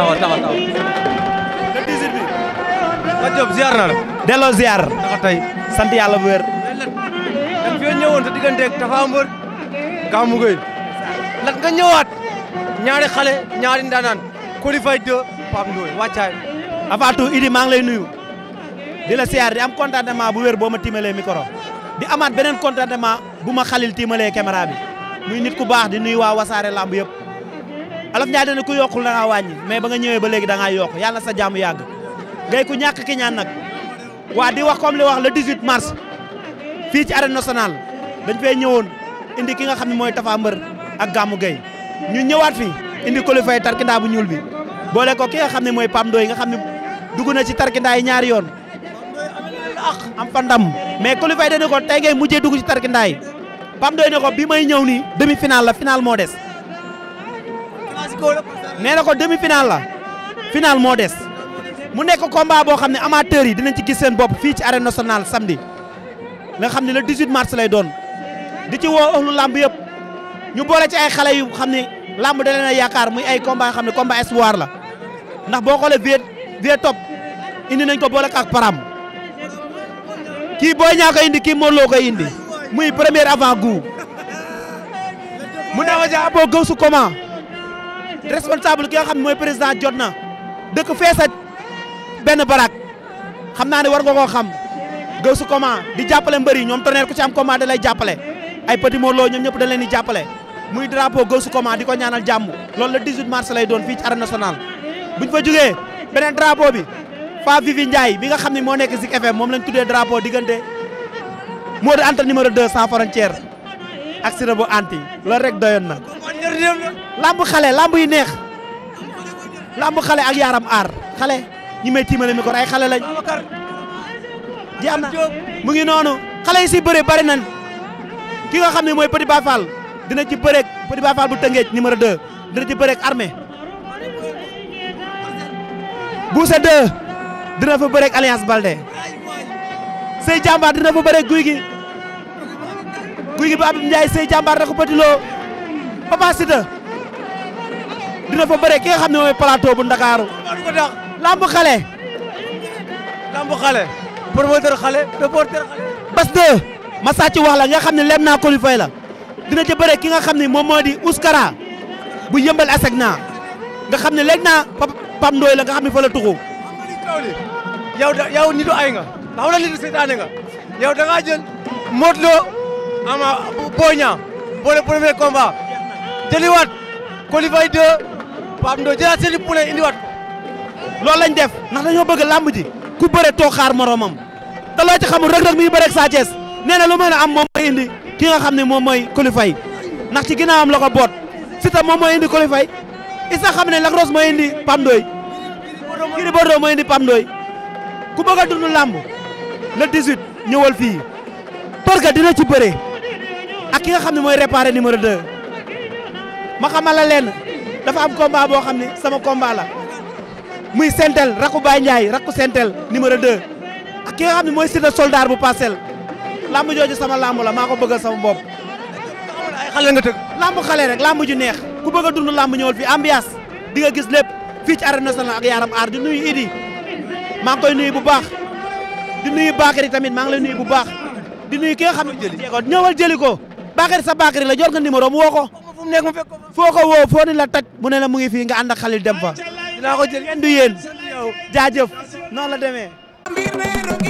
taxawal taxawal bi. Pape Diop ziar na la. delloo ziar. ndax tey sant yàlla bu wér. lan fi ñëwoon sa nga ñëwaat. ñaari xale ñaari ndaanaan. qualifié de Pape Ndoye wàccaay. avant tout Idi maa ngi lay nuyu. di la ziar di am contentement bu wér boo ma timalee micro. di amaat beneen contentement bu ma xalil timalee caméra bi. nit ku baax di nuyu waa wasaare lamb yëpp. alof Ndiaye dana ku yokkul da ngaa wàññi mais ba nga ñëwee ba léegi da ngaa yokk yàlla sa jaamu yàgg ngay ku ñàkk ki ñaan nag waa di wax comme li wax le 18 mars fii ci arène nationale dañ fee ñëwoon indi ki nga xam ne mooy Tapha Mbeur ak Gamou Gueye ñu ñëwaat fi indi ko li fay bu ñuul bi boole ko ki nga xam ne mooy Pam Doy nga xam ne dugg na ci tarkindaa yi ñaari yoon am fa ndam mais ko li fay dana ko tey ngay mujjee dugg ci tarkindaa yi Pam Doy ne ko bi may ñëw nii demi final la final moo des nee na ko demi final la final moo des mu nekk combat boo xam ne amateurs yi dinañ ci gis seen bopp fii ci arène nationale samedi nga xam ne le 18 mars lay doon di ci woo ëllu làmb yëpp ñu boole ci ay xale yu xam ne làmb de leen a yaakaar muy ay combat xam ne combat espoir la ndax boo xoolee vie vie top indi nañ ko boole ak param kii booy ñaa koy indi kii moo loo koy indi muy premier avant goût mu ne ma jaa boo gëstu comment. responsable ki nga xam ne mooy président jot na dëkk fee sa benn barak xam naa ne war nga koo xam gëw su comment di jàppale mbër yi ñoom tonnerre ku ci am comment da lay jàppale ay moo morloo ñoom ñëpp da leen di jàppale muy drapeau gëw su comment di ko ñaanal jàmm la le 18 mars lay doon fii ci arène nationale buñ fa jógee beneen drapeau bi Fa Vivi Ndiaye bi nga xam ne moo nekk Zik FM moom lañ tuddee drapo diggante moo di anta numéro 2 sans frontière ak sira bu anti loolu rek doyoon na lamb xale lamb yi neex lamb xale ak yaram aar xale ñi may tiimale ko ay xale lañ jeex na mu ngi noonu xale yi si bëre bari nañ ki nga xam ne mooy Petit Baye Fall dina ci bëreeg Petit Baye Fall bu Tëngéej numéro 2 dina ci bëreeg armée Bousse 2 dina fa bëreeg Alliance Baldé Sey Jàmbaar dina fa bëreeg guy gi guy gi ba Abdou Ndiaye Sey Jàmbaar da ko Petit Papa Siteu dina fa bëre ki nga xam ne mooy plateau bu Ndakaaru. xale. lamb xale. promoteur xale reporter xale. de Massa wax la nga xam ne lem naa ko fay la dina ca bëre ki nga xam ni moom moo di Ouskara bu yëmbal aseg naa nga xam ne léegi naa Pam Ndoy la nga xam ne fa la tuxu. yow da yow nga ndax wala nitu seytaane nga yow da ngaa jël Lo ama Boy Niang boole premier combat jëliwaat Colifay 2 Pape Ndo jëlaat a i poulain indiwaat ko loolu lañ def nax dañoo bëgg làmb ji ku bëre toog xaar moromam te loo ci xamul rek rek mi ngi bëre ak Sa Thiès nee na lu mën am moom mooy indi ki nga xam ne moom mooy Colifay nax ci ginnaawam la ko boot Siteu moom mooy indi Colifay Issa xam ne Lac Rose mooy indi Pape Ndoye Gris Bordeaux moo indi Pape Ndoye ku bëgg a dund làmb le 18 ñëwal fii Torga dina ci bëre ak ki nga xam ne mooy réparé numéro 2. ma xamal la leen dafa am combat boo xam ne sama combat la muy sentel rakku Baye Ndiaye rakku sentel numéro 2 ak ki xam ne mooy Siteu soldaar bu parcelle lamb jooju sama lamb la maa ko bëggal sama bopp. ay xale nga tëgg. lamb xale rek lamb ju neex ku bëgg a dund lamb ñëwal fi ambiance di nga gis lépp fii ci arène nationale ak yaram aar di nuyu Idi maa ngi koy nuy bu baax di nuyu Bakary tamit maa ngi lay nuyu bu baax di nuyu ki nga xam ni ñëwal jëli ko ñëwal sa Bakary la jor nga numéro mu woo ko. nekk mu fekk foo ko woo foo ni la taj mu ne la mu ngi fii nga ànd ak Khalil dem fa dinaa ko jël yéen du yéen la demee